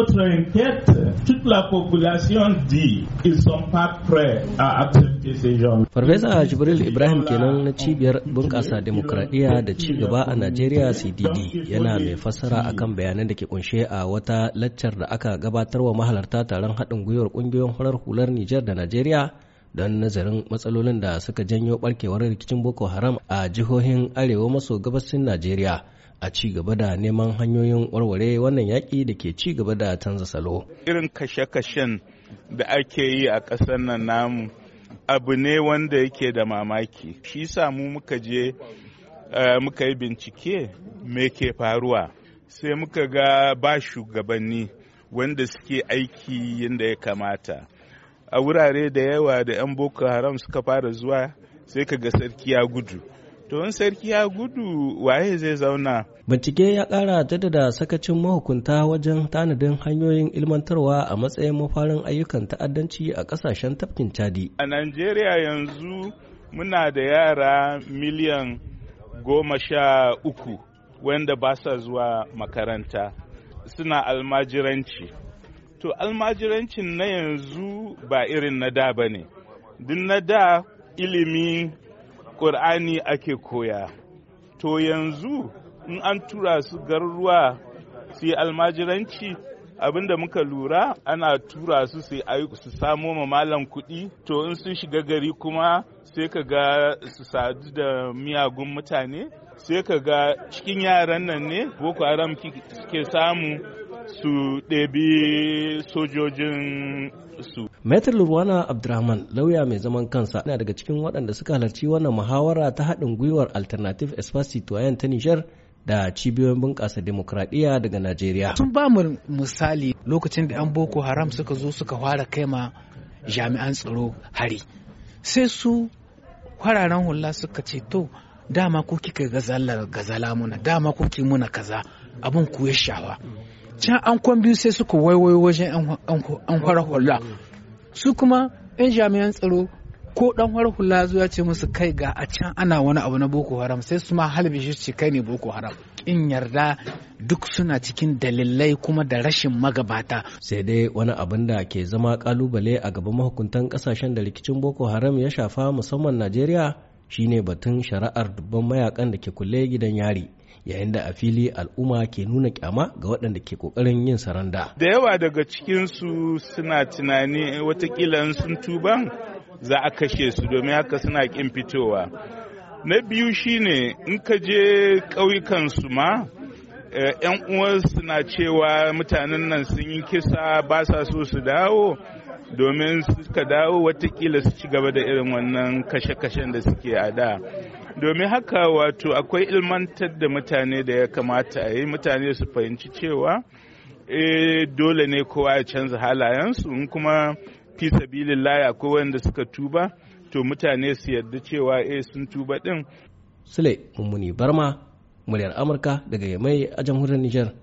notre enquête, toute la population dit ils sont pas prêts à accepter ces gens. Farfesa Jibril Ibrahim kenan na cibiyar bunƙasa demokradiyya da ci gaba a Najeriya CDD yana mai fassara akan bayanan da ke kunshe a wata laccar da aka gabatar wa mahalarta taron haɗin gwiwar ƙungiyoyin farar hular Nijar da Najeriya don nazarin matsalolin da suka janyo barkewar rikicin Boko Haram a jihohin arewa maso gabasin Najeriya. a ci gaba da neman hanyoyin warware wannan yaƙi da ke ci gaba da canza salo. Irin kashe-kashen da ake yi a ƙasar nan namu abu ne wanda yake da mamaki. Shi samu muka je eh, muka yi bincike me ke faruwa. Sai muka ga ba shugabanni wanda suke aiki yadda ya kamata. A wurare da yawa da 'yan Boko Haram suka fara zuwa sai ka ga sarki ya gudu. to in sarki ya gudu waye zai zauna bincike ya kara jaddada sakacin mahukunta wajen tanadin hanyoyin ilmantarwa a matsayin mafarin ayyukan ta'addanci a kasashen tafkin chadi a najeriya yanzu muna da yara miliyan goma sha uku wanda ba sa zuwa makaranta suna almajiranci to almajirancin na yanzu ba irin na da ba ne din na da ilimi ƙur'ani ake koya to yanzu in an tura su garuruwa su yi almajiranci abinda muka lura ana tura su su samo ma malam kuɗi to in sun shiga gari kuma sai ka ga su sadu da miyagun mutane sai ka ga cikin yaran nan ne boko haram ke samu su ɗebi sojojin su. Maitar Lurwana Abdurrahman lauya mai zaman kansa na daga cikin waɗanda suka halarci wannan muhawara ta haɗin gwiwar Alternative Citoyen ta Nijar da cibiyoyin bunƙasa demokradiyya daga Najeriya. Sun ba mu misali lokacin da 'yan Boko Haram suka zo suka fara ma jami'an tsaro hari. Sai su fararen hula suka ce to dama ko kika gazala gazala muna dama ko ki muna kaza abun ku ya shawa. can an kwan biyu sai suka waiwai wajen an fara hula su kuma 'yan jami'an tsaro ko dan fara hula zuwa ce musu kai ga a can ana wani abu na boko haram sai su ma halbi shi ce kai ne boko haram in yarda duk suna cikin dalilai kuma da rashin magabata sai dai wani abin da ke zama kalubale a gaban mahukuntan kasashen da rikicin boko haram ya shafa musamman najeriya shine batun shari'ar dubban mayakan da ke kulle gidan yari yayin da a fili al'umma ke nuna kyama ga waɗanda ke ƙoƙarin yin saranda. Da yawa daga cikinsu suna tunani watakila sun tuban za a kashe su domin haka suna ƙin fitowa. Na biyu shine in ka je su ma eh, ‘yan uwansu na cewa mutanen nan sun yi kisa ba sa so su dawo domin suka dawo watakila su ci gaba da irin wannan kashe-kashen da suke a da. domin haka wato akwai ilmantar da mutane da ya kamata a yi mutane su fahimci cewa e dole ne kowa ya canza halayensu in kuma fi sabilillahi akwai wanda suka tuba to mutane su yarda cewa e sun tuba din sule mummuni barma muryar amurka daga yamai a jamhuriyar niger